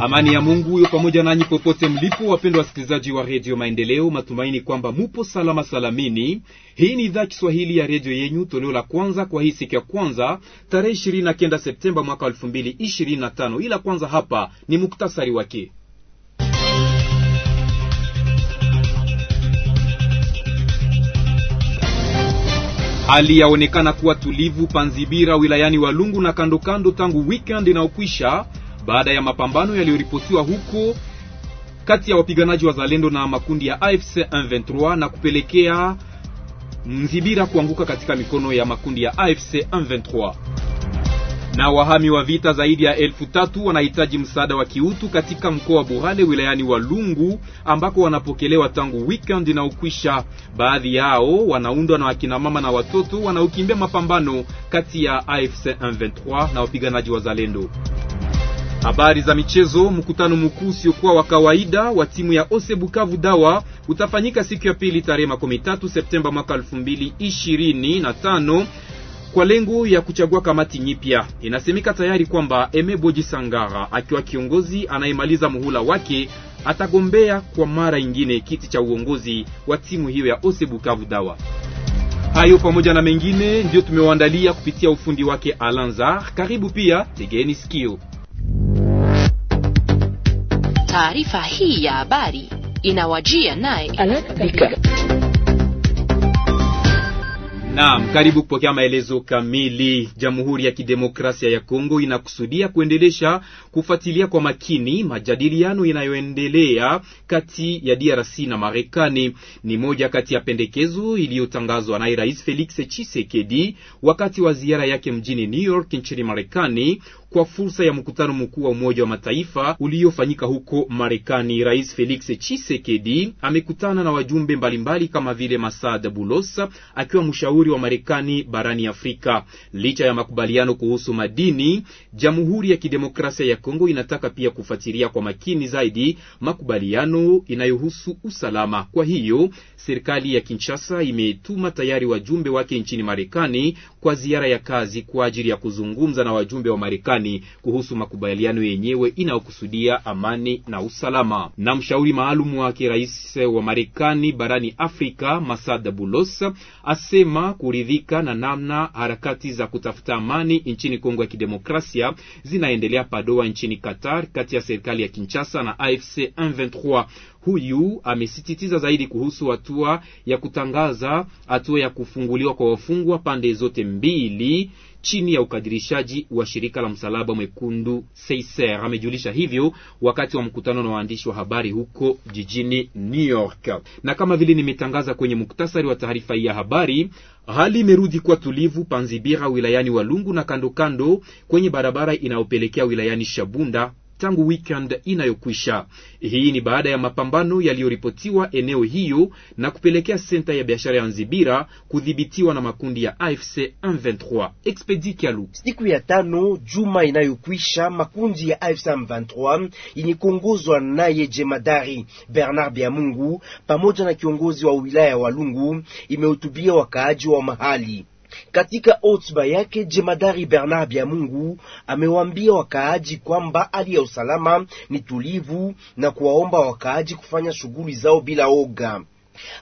Amani ya Mungu huyo pamoja nanyi popote mlipo, wapendwa wasikilizaji wa redio Maendeleo. Matumaini kwamba mupo salama salamini. Hii ni idhaa Kiswahili ya redio yenyu, toleo la kwanza kwa hii siku ya kwanza tarehe ishirini na kenda Septemba mwaka elfu mbili ishirini na tano. Ila kwanza hapa ni muktasari wake. Hali yaonekana kuwa tulivu Panzibira wilayani Walungu na kandokando tangu weekend inaokwisha baada ya mapambano yaliyoripotiwa huko kati ya wapiganaji wa Zalendo na makundi ya AFC M23 na kupelekea Mzibira kuanguka katika mikono ya makundi ya AFC M23. Na wahami wa vita zaidi ya elfu tatu wanahitaji msaada wa kiutu katika mkoa wa Burale wilayani wa lungu ambako wanapokelewa tangu weekend na ukwisha. Baadhi yao wanaundwa na wakina mama na watoto wanaokimbia mapambano kati ya AFC M23 na wapiganaji wa Zalendo. Habari za michezo. Mkutano mkuu usiokuwa wa kawaida wa timu ya Ose Bukavu Dawa utafanyika siku ya pili tarehe 13 Septemba mwaka 2025 kwa lengo ya kuchagua kamati nyipya. Inasemeka tayari kwamba Emeboji Sangara akiwa kiongozi anayemaliza muhula wake atagombea kwa mara ingine kiti cha uongozi wa timu hiyo ya Ose Bukavu Dawa. Hayo pamoja na mengine ndiyo tumewaandalia kupitia ufundi wake Alanzar. Karibu pia, tegeni sikio. Taarifa hii ya habari inawajia naye Naam, karibu kupokea maelezo kamili. Jamhuri ya Kidemokrasia ya Kongo inakusudia kuendelesha kufuatilia kwa makini majadiliano inayoendelea kati ya DRC na Marekani. Ni moja kati ya pendekezo iliyotangazwa naye Rais Felix Tshisekedi wakati wa ziara yake mjini New York nchini Marekani, kwa fursa ya mkutano mkuu wa Umoja wa Mataifa uliofanyika huko Marekani. Rais Felix Tshisekedi amekutana na wajumbe mbalimbali kama vile Masad Bulosa akiwa mshauri wa Marekani barani Afrika. Licha ya makubaliano kuhusu madini, Jamhuri ya Kidemokrasia ya Kongo inataka pia kufuatilia kwa makini zaidi makubaliano inayohusu usalama. Kwa hiyo serikali ya Kinshasa imetuma tayari wajumbe wake nchini Marekani kwa ziara ya kazi kwa ajili ya kuzungumza na wajumbe wa Marekani Marekani kuhusu makubaliano yenyewe inayokusudia amani na usalama. Na mshauri maalum wake rais wa Marekani barani Afrika Masad Bulos asema kuridhika na namna harakati za kutafuta amani nchini Kongo ya Kidemokrasia zinaendelea Padoa nchini Qatar, kati ya serikali ya Kinshasa na AFC M23. Huyu amesisitiza zaidi kuhusu hatua ya kutangaza hatua ya kufunguliwa kwa wafungwa pande zote mbili chini ya ukadirishaji wa shirika la msalaba mwekundu Seiser. Amejulisha hivyo wakati wa mkutano na waandishi wa habari huko jijini New York. Na kama vile nimetangaza kwenye muktasari wa taarifa hii ya habari, hali imerudi kuwa tulivu Panzibira wilayani Walungu na kando kando kwenye barabara inayopelekea wilayani Shabunda tangu weekend inayokwisha. Hii ni baada ya mapambano yaliyoripotiwa eneo hiyo na kupelekea senta ya biashara ya Nzibira kudhibitiwa na makundi ya AFC M23. Expedi Kialu, siku ya tano juma inayokwisha, makundi ya AFC M23 yenye kuongozwa naye jemadari Bernard Biamungu pamoja na kiongozi wa wilaya ya Walungu imehutubia wakaaji wa mahali katika hotuba yake jemadari Bernard Byamungu amewaambia wakaaji kwamba hali ya usalama ni tulivu na kuwaomba wakaaji kufanya shughuli zao bila oga.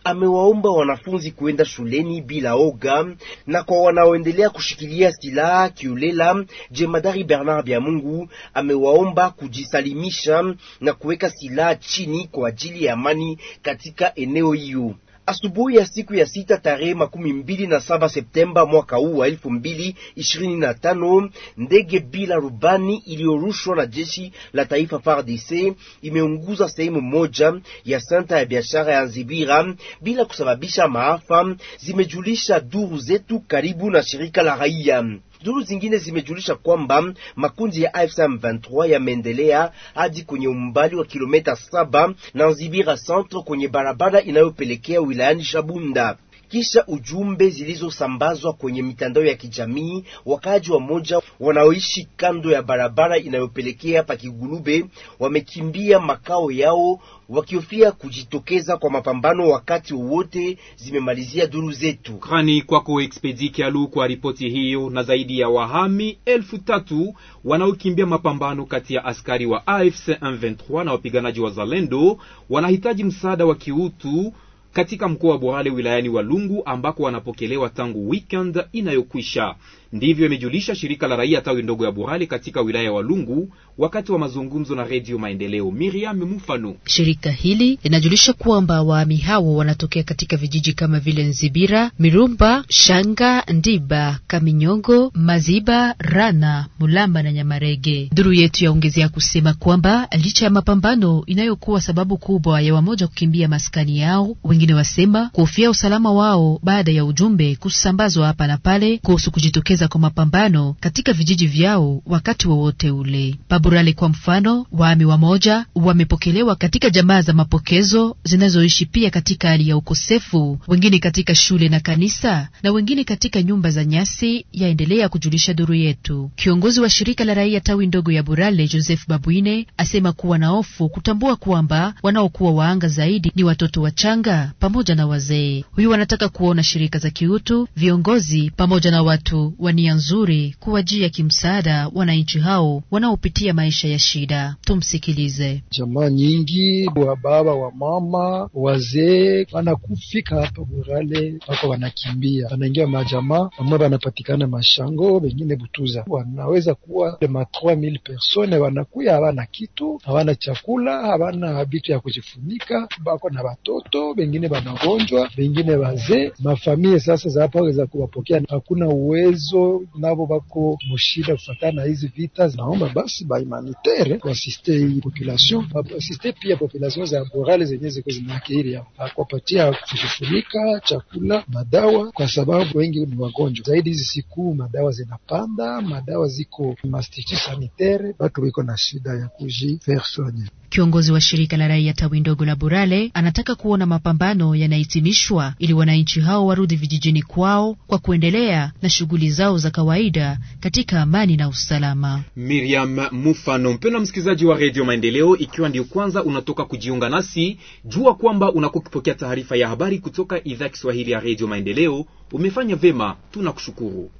Amewaomba wanafunzi kuenda shuleni bila oga, na kwa wanaoendelea kushikilia silaha kiolela, jemadari Bernard Byamungu amewaomba kujisalimisha na kuweka silaha chini kwa ajili ya amani katika eneo hiyo. Asubuhi ya siku ya sita tarehe makumi mbili na saba Septemba mwaka huu wa elfu mbili ishirini na tano ndege bila rubani iliyorushwa na jeshi la taifa FARDC imeunguza sehemu moja ya senta ya biashara ya Nzibira bila kusababisha maafa, zimejulisha duru zetu karibu na shirika la raia. Duru zingine zimejulisha kwamba makundi ya AFC M23 yameendelea hadi kwenye umbali wa kilomita saba na Nzibira centre kwenye barabara inayopelekea wilayani Shabunda kisha ujumbe zilizosambazwa kwenye mitandao ya kijamii. Wakaaji wa moja wanaoishi kando ya barabara inayopelekea kigulube wamekimbia makao yao wakihofia kujitokeza kwa mapambano wakati wowote, zimemalizia duru zetu. Krani kwako Expedi Kialu kwa ripoti hiyo. Na zaidi ya wahami elfu tatu wanaokimbia mapambano kati ya askari wa AFC M23 na wapiganaji wa Zalendo wanahitaji msaada wa kiutu katika mkoa wa Bwale wilayani Walungu ambako wanapokelewa tangu weekend inayokwisha. Ndivyo imejulisha shirika la raia tawi ndogo ya burale katika wilaya ya Walungu wakati wa mazungumzo na Redio Maendeleo. Miriam Mufanu. Shirika hili linajulisha kwamba waami hao wanatokea katika vijiji kama vile Nzibira, Mirumba, Shanga, Ndiba, Kaminyongo, Maziba, Rana, Mulamba na Nyamarege. Duru yetu yaongezea kusema kwamba licha ya mapambano inayokuwa sababu kubwa ya wamoja kukimbia maskani yao wengi wengine wasema kuhofia usalama wao baada ya ujumbe kusambazwa hapa na pale kuhusu kujitokeza kwa mapambano katika vijiji vyao wakati wowote wa ule. Paburale kwa mfano, waami wamoja wamepokelewa katika jamaa za mapokezo zinazoishi pia katika hali ya ukosefu, wengine katika shule na kanisa, na wengine katika nyumba za nyasi, yaendelea kujulisha duru yetu. Kiongozi wa shirika la raia tawi ndogo ya Burale, Joseph Babuine, asema kuwa na hofu kutambua kwamba wanaokuwa waanga zaidi ni watoto wachanga pamoja na wazee. Huyu wanataka kuona shirika za kiutu, viongozi pamoja na watu wa nia nzuri kuwajia kimsaada wananchi hao wanaopitia maisha ya shida. Tumsikilize. Jamaa nyingi wa baba wa mama wazee wanakufika hapa Burale, wako wanakimbia, wanaingia majamaa, ambao wanapatikana Mashango, wengine Butuza. Wanaweza kuwa ma mili persone wanakuya, hawana kitu, hawana chakula, hawana vitu ya kujifunika, bako na watoto wengine bengine banagonjwa, bengine wazee, mafamilie sasa za hapa waweza kuwapokea, hakuna uwezo navo bako mushida kufatana na hizi vita. Naomba basi ba humanitere kuasiste hii population, asiste pia population za borale zenye ziko zinaakiri yao akuwapatia kujifunika chakula, madawa, kwa sababu wengi ni wagonjwa zaidi. Hizi siku madawa zinapanda, madawa ziko mastitu sanitaire, batu wiko na shida ya kuji faire soigner. Kiongozi wa shirika la raia tawi ndogo la Burale anataka kuona mapambano yanahitimishwa ili wananchi hao warudi vijijini kwao kwa kuendelea na shughuli zao za kawaida katika amani na usalama. Miriam Mufano. Mpendwa msikilizaji wa redio Maendeleo, ikiwa ndio kwanza unatoka kujiunga nasi, jua kwamba unakuwa ukipokea taarifa ya habari kutoka idhaa Kiswahili ya redio Maendeleo. Umefanya vema, tunakushukuru.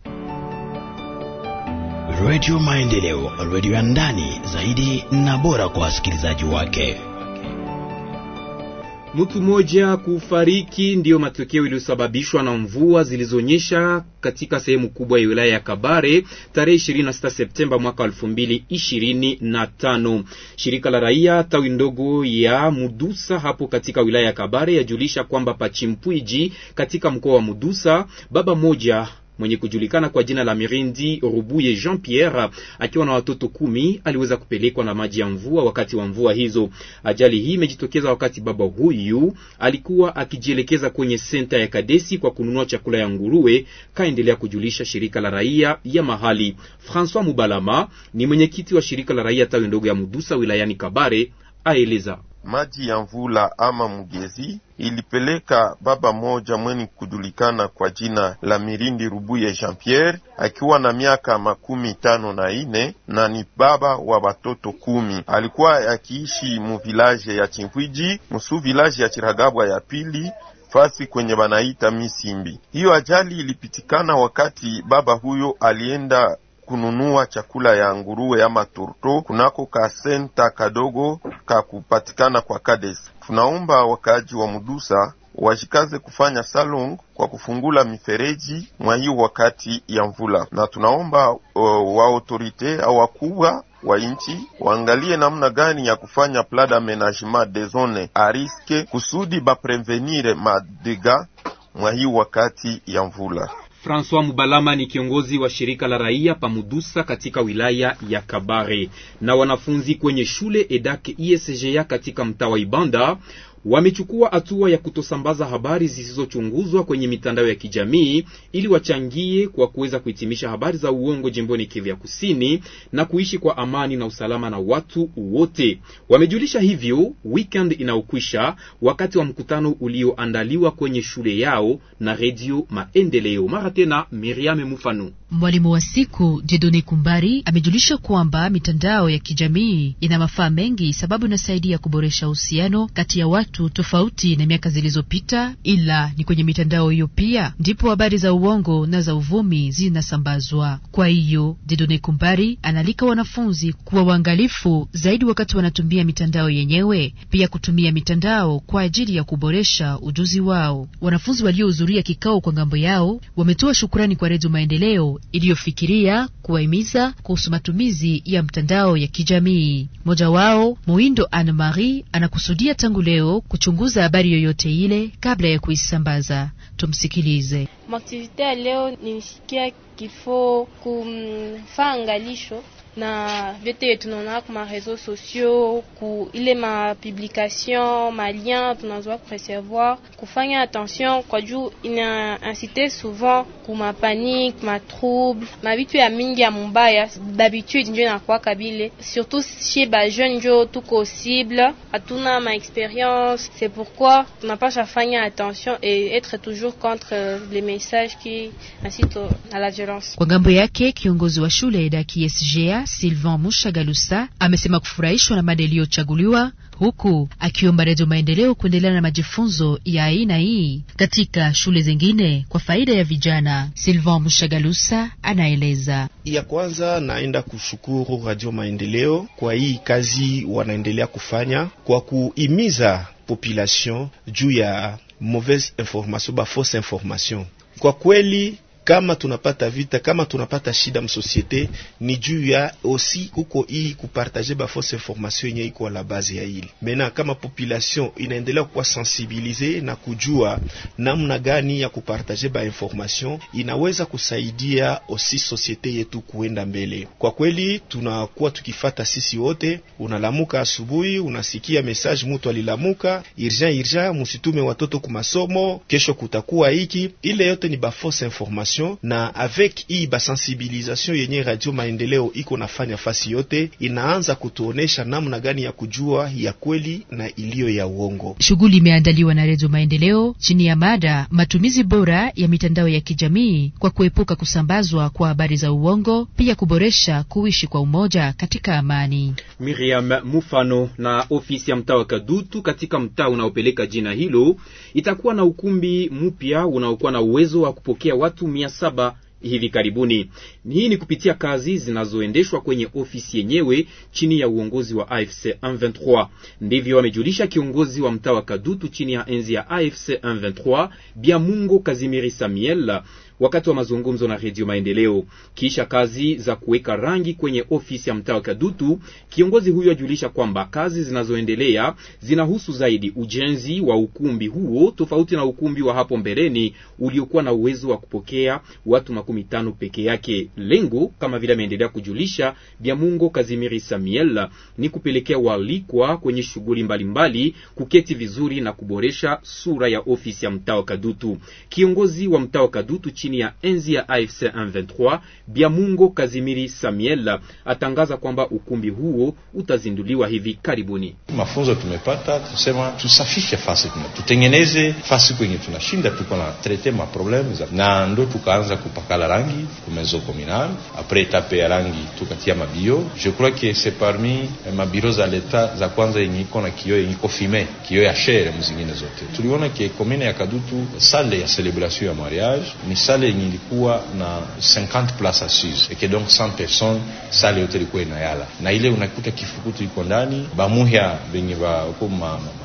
Redio Maendeleo, redio ya ndani zaidi na bora kwa wasikilizaji wake. Mtu mmoja kufariki ndiyo matokeo iliyosababishwa na mvua zilizonyesha katika sehemu kubwa ya wilaya ya Kabare tarehe 26 Septemba mwaka 2025. Shirika la raia tawi ndogo ya Mudusa hapo katika wilaya ya Kabare yajulisha kwamba Pachimpuiji katika mkoa wa Mudusa baba moja mwenye kujulikana kwa jina la Mirindi Rubuye Jean Pierre akiwa na watoto kumi aliweza kupelekwa na maji ya mvua wakati wa mvua hizo. Ajali hii imejitokeza wakati baba huyu alikuwa akijielekeza kwenye senta ya Kadesi kwa kununua chakula ya nguruwe, kaendelea kujulisha shirika la raia ya mahali. François Mubalama ni mwenyekiti wa shirika la raia tawi ndogo ya Mudusa wilayani Kabare, aeleza maji ya mvula ama mugezi ilipeleka baba moja mweni kujulikana kwa jina la Mirindi Rubuye Jean Pierre akiwa na miaka makumi tano na ine na ni baba wa watoto kumi. Alikuwa akiishi mu ya Chimpwiji musu vilaje ya Chiragabwa ya pili fasi kwenye banaita Misimbi. Hiyo ajali ilipitikana wakati baba huyo alienda kununua chakula ya nguruwe ama turto kunako kasenta kadogo ka kupatikana kwa Kades. Tunaomba wakaaji wa Mudusa washikaze kufanya salong kwa kufungula mifereji mwa hiyo wakati ya mvula, na tunaomba uh, wa autorite au wakubwa wa nchi waangalie namna gani ya kufanya plan d'amenagement des zones a risque kusudi baprevenire madega mwa hiyo wakati ya mvula. Francois Mubalama ni kiongozi wa shirika la raia Pamudusa katika wilaya ya Kabare, na wanafunzi kwenye shule Edake ISGA katika mtaa wa Ibanda wamechukua hatua ya kutosambaza habari zisizochunguzwa kwenye mitandao ya kijamii ili wachangie kwa kuweza kuhitimisha habari za uongo jimboni Kivu ya Kusini na kuishi kwa amani na usalama na watu wote. Wamejulisha hivyo weekend inaokwisha wakati wa mkutano ulioandaliwa kwenye shule yao na Redio Maendeleo. Mara tena Miriam Mufanu. Mwalimu wa siku Jedone Kumbari amejulisha kwamba mitandao ya kijamii ina mafaa mengi, sababu inasaidia kuboresha uhusiano kati ya watu tofauti na miaka zilizopita, ila ni kwenye mitandao hiyo pia ndipo habari za uongo na za uvumi zinasambazwa. Kwa hiyo Jedone Kumbari analika wanafunzi kuwa waangalifu zaidi wakati wanatumia mitandao yenyewe, pia kutumia mitandao kwa ajili ya kuboresha ujuzi wao. Wanafunzi waliohudhuria kikao kwa ngambo yao wametoa shukurani kwa Redio Maendeleo iliyofikiria kuwahimiza kuhusu matumizi ya mtandao ya kijamii. Mmoja wao Muindo Anne Marie anakusudia tangu leo kuchunguza habari yoyote ile kabla ya kuisambaza. Tumsikilize. Maktivite ya leo nilisikia kifo kumfaa angalisho na vyote yetu tunaona ku réseaux sociaux ku ile ma publication ma lien tunazoa kureservoir kufanya attention kwa juu ina incite souvent ku ma panique ma trouble ma vitu ya mingi ya mubaya hein. d'habitude na inakuwaka bile surtout chez ba jeune njo tuko cible hatuna ma expérience c'est pourquoi tunapasha fanya attention et être toujours contre euh, les messages qui incitent à la violence kwa ngambo yake kiongozi wa shule ya EDAK Uvira Mushagalusa amesema kufurahishwa na mada iliyochaguliwa huku akiomba Redio Maendeleo kuendelea na majifunzo ya aina hii katika shule zingine kwa faida ya vijana. Silvan Mushagalusa anaeleza. Ya kwanza, naenda kushukuru Radio Maendeleo kwa hii kazi wanaendelea kufanya kwa kuimiza population juu ya mauvaise information ba fausse information. Kwa kweli kama tunapata vita, kama tunapata shida msosiete, ni juu ya osi huko hii kupartaje ba fausse information yenye iko la base ya hili mena. Kama population inaendelea kuwa sensibilize na kujua namna gani ya kupartaje ba information, inaweza kusaidia osi sosiete yetu kuenda mbele. Kwa kweli tunakuwa tukifata sisi wote, unalamuka asubuhi unasikia message mtu alilamuka, irja irja, musitume watoto kumasomo, kesho kutakuwa hiki ile, yote ni ba fausse information population, na avec hii basensibilization yenye Radio Maendeleo iko nafanya fasi yote, inaanza kutuonesha namna gani ya kujua ya kweli na iliyo ya uongo. Shughuli imeandaliwa na Radio Maendeleo chini ya mada matumizi bora ya mitandao ya kijamii kwa kuepuka kusambazwa kwa habari za uongo, pia kuboresha kuishi kwa umoja katika amani. Miriam Mufano na ofisi ya mtaa wa Kadutu katika mtaa unaopeleka jina hilo itakuwa na ukumbi mpya unaokuwa na uwezo wa kupokea watu mia mia saba hivi karibuni. Hii ni kupitia kazi zinazoendeshwa kwenye ofisi yenyewe chini ya uongozi wa AFC M23. Ndivyo amejulisha kiongozi wa mtaa wa Kadutu chini ya enzi ya AFC M23 Biamungo Kazimiri Samiel wakati wa mazungumzo na Redio Maendeleo kisha kazi za kuweka rangi kwenye ofisi ya mtaa wa Kadutu. Kiongozi huyo ajulisha kwamba kazi zinazoendelea zinahusu zaidi ujenzi wa ukumbi huo tofauti na ukumbi wa hapo mbeleni uliokuwa na uwezo wa kupokea watu makumi tano peke yake. Lengo kama vile ameendelea kujulisha Biamungo Kazimiri Samuel ni kupelekea walikwa kwenye shughuli mbalimbali kuketi vizuri na kuboresha sura ya ofisi ya mtaa wa Kadutu. Kiongozi wa mtaa wa Kadutu chini ya enzi ya AFC M23 Biamungo Kazimiri Samiel atangaza kwamba ukumbi huo utazinduliwa hivi karibuni. Mafunzo tumepata tusema, tusafishe fasi, tutengeneze fasi kwenye tunashinda, tuko na trete ma problem za na ndo tukaanza kupakala rangi kumezo komunal apres etape ya rangi tukatia mabio. Je crois que c'est parmi eh, mabiro za leta za kwanza yenye iko na kio yenye iko fime kio ya shere mzingine zote tuliona ke komune ya Kadutu sale ya celebration ya mariage ni sale Sale yenye ilikuwa na 50 place assise eke donc 100 personnes, sale yote ilikuwa inayala na ile unakuta kifukutu iko ndani bamuhya venye vako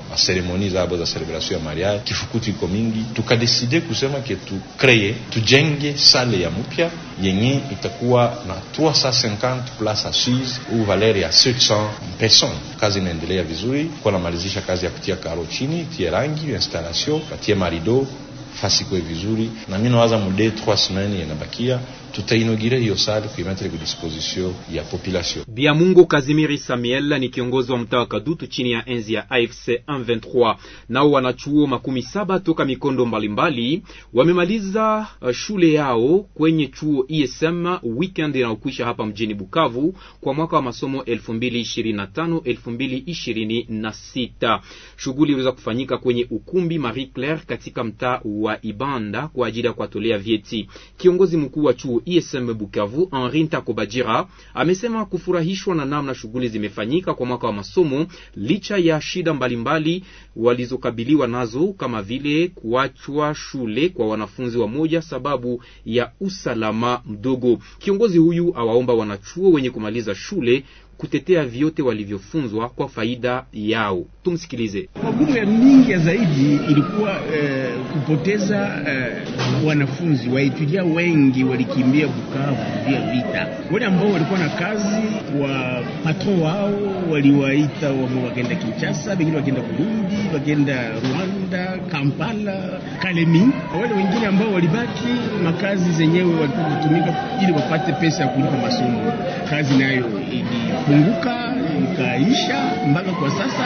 maseremoni zabo za celebration ya mariage, kifukutu iko mingi. Tukadeside kusema ke tukreye tujenge sale ya mpya yenye itakuwa na 350 place assise ou valeur ya 700 personnes. Kazi inaendelea vizuri, kwa namalizisha kazi ya kutia karo chini, tie rangi installation, katie marido fasi kwe vizuri, na mimi nawaza mude 3 semaine inabakia tutainogire hiyo sale kuimetre ku disposition ya population. Mungu Kazimiri Samiel ni kiongozi wa mtaa wa Kadutu chini ya enzi ya AFC 123. Nao wanachuo makumi saba toka mikondo mbalimbali wamemaliza uh, shule yao kwenye chuo ESM weekend inaokwisha hapa mjini Bukavu kwa mwaka wa masomo 2025 2026. Shughuli iliweza kufanyika kwenye ukumbi Marie Claire katika mtaa wa Ibanda kwa ajili ya kuwatolea vyeti. Kiongozi mkuu wa chuo ISM Bukavu, Henri Ntakobajira amesema kufurahishwa na namna shughuli zimefanyika kwa mwaka wa masomo licha ya shida mbalimbali walizokabiliwa nazo kama vile kuachwa shule kwa wanafunzi wa moja sababu ya usalama mdogo. Kiongozi huyu awaomba wanachuo wenye kumaliza shule kutetea vyote walivyofunzwa kwa faida yao. Tumsikilize. Magumu ya mingi ya zaidi ilikuwa eh, kupoteza eh, wanafunzi waitujia wengi walikimbia kukimbia Bukavu via vita. Wale ambao walikuwa na kazi wa patron wao waliwaita, wame wakaenda Kinshasa, wengine wakaenda Burundi, wakaenda Rwanda, Kampala, Kalemi. Wale wengine ambao walibaki makazi zenyewe walikuwa kutumika ili wapate pesa ya kulipa masomo. Kazi nayo ilipunguka ikaisha mpaka kwa sasa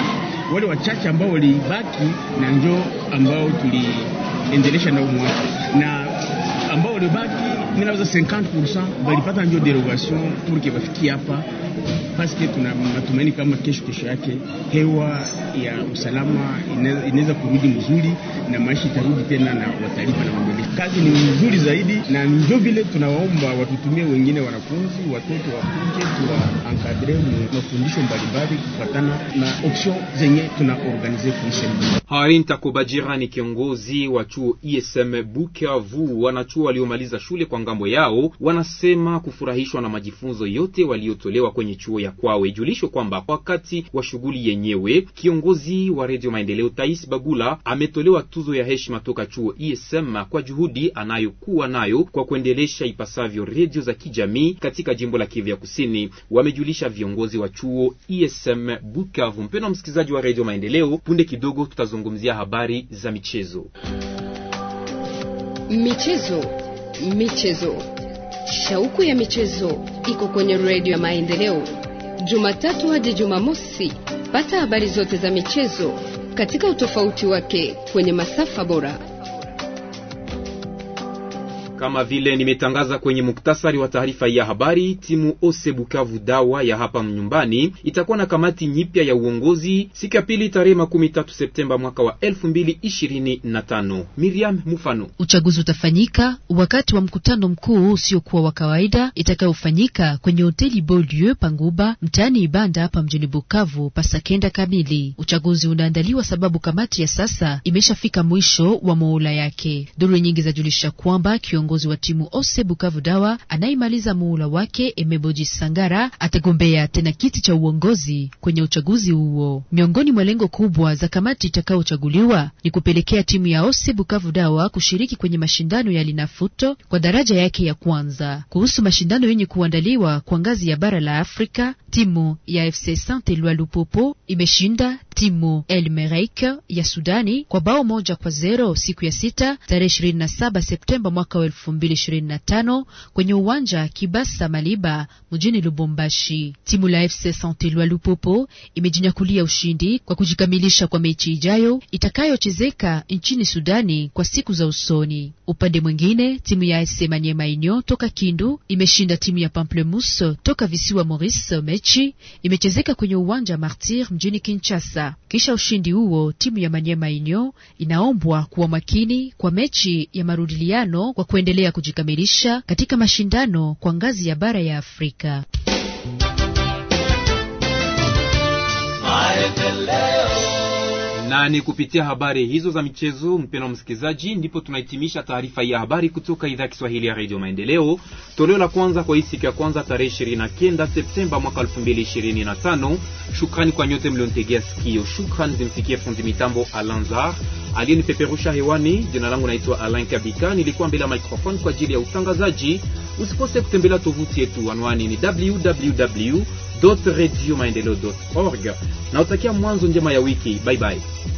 wale wachache ambao walibaki na njoo ambao tuliendelesha nao mwaka na ambao walibaki minauza 50% balipata ndio derogation pour que bafikie hapa, paske tuna matumaini kama kesho kesho yake hewa ya usalama inaweza kurudi mzuri na maisha itarudi tena na watalii na mabele. Kazi ni nzuri zaidi, na ndio vile tunawaomba watutumie wengine, wanafunzi watoto wakuje, ankadre mafundisho mbalimbali kufuatana na option zenye tunaorganize organize kuisha. Harin Takobajira ni kiongozi wa chuo ISM e Bukavu. Wanachuo waliomaliza shule kwa ngambo yao wanasema kufurahishwa na majifunzo yote waliotolewa kwenye chuo ya kwao. julisho kwamba wakati wa shughuli yenyewe kiongozi Kiongozi wa Redio Maendeleo Tais Bagula ametolewa tuzo ya heshima toka chuo ISM e kwa juhudi anayokuwa nayo kwa kuendelesha ipasavyo redio za kijamii katika jimbo la Kivu ya Kusini, wamejulisha viongozi wa chuo ISM e Bukavu. Mpendwa msikilizaji wa Redio Maendeleo, punde kidogo tutazungumzia habari za michezo. Michezo, michezo, shauku ya michezo iko kwenye Redio ya Maendeleo Jumatatu hadi Jumamosi. Pata habari zote za michezo katika utofauti wake kwenye masafa bora. Kama vile nimetangaza kwenye muktasari wa taarifa ya habari, timu Ose Bukavu dawa ya hapa nyumbani itakuwa na kamati nyipya ya uongozi siku ya pili tarehe makumi tatu Septemba mwaka wa elfu mbili ishirini na tano. Miriam Mufano. Uchaguzi utafanyika wakati wa mkutano mkuu usiokuwa wa kawaida itakayofanyika kwenye hoteli Beaulieu Panguba mtaani Ibanda hapa mjini Bukavu pasakenda kamili. Uchaguzi unaandaliwa sababu kamati ya sasa imeshafika mwisho wa muhula yake. Duru nyingi zajulisha kwamba kion kiongozi wa timu Ose Bukavu Dawa anayemaliza muula wake Emeboji Sangara atagombea tena kiti cha uongozi kwenye uchaguzi huo. Miongoni mwa lengo kubwa za kamati itakayochaguliwa ni kupelekea timu ya Ose Bukavu Dawa kushiriki kwenye mashindano ya Linafuto kwa daraja yake ya kwanza. Kuhusu mashindano yenye kuandaliwa kwa ngazi ya bara la Afrika, timu ya FC Sante Eloi Lupopo imeshinda timu El ya Sudani kwa bao moja kwa zero siku ya sita tarehe saba Septemba mwaka wa tano kwenye uwanja Kibasa Maliba mjini Lubumbashi. Timu la FC Santelwa Lupopo imejinyakulia ushindi kwa kujikamilisha kwa mechi ijayo itakayochezeka nchini Sudani kwa siku za usoni. Upande mwingine, timu ya SC Maniema Union toka Kindu imeshinda timu ya Pamplemousse toka visiwa Maurice. Mechi imechezeka kwenye uwanja Martir mjini Kinshasa. Kisha ushindi huo, timu ya Manyema Inyo inaombwa kuwa makini kwa mechi ya marudiliano kwa kuendelea kujikamilisha katika mashindano kwa ngazi ya bara ya Afrika na ni kupitia habari hizo za michezo, mpendwa msikilizaji, ndipo tunahitimisha taarifa ya habari kutoka idhaa ya Kiswahili ya Radio Maendeleo, toleo la kwanza kwa hii siku ya kwanza tarehe 29 Septemba mwaka 2025. Shukrani kwa nyote mliontegea sikio. Shukrani zimfikie fundi mitambo Alanzar aliyenipeperusha hewani. Jina langu naitwa Alain Kabika, nilikuwa mbele ya microphone kwa ajili ya utangazaji. Usikose kutembelea tovuti yetu, anwani ni www radio org www.radiomaendeleo.org. Naotakia mwanzo njema ya wiki. Bye bye.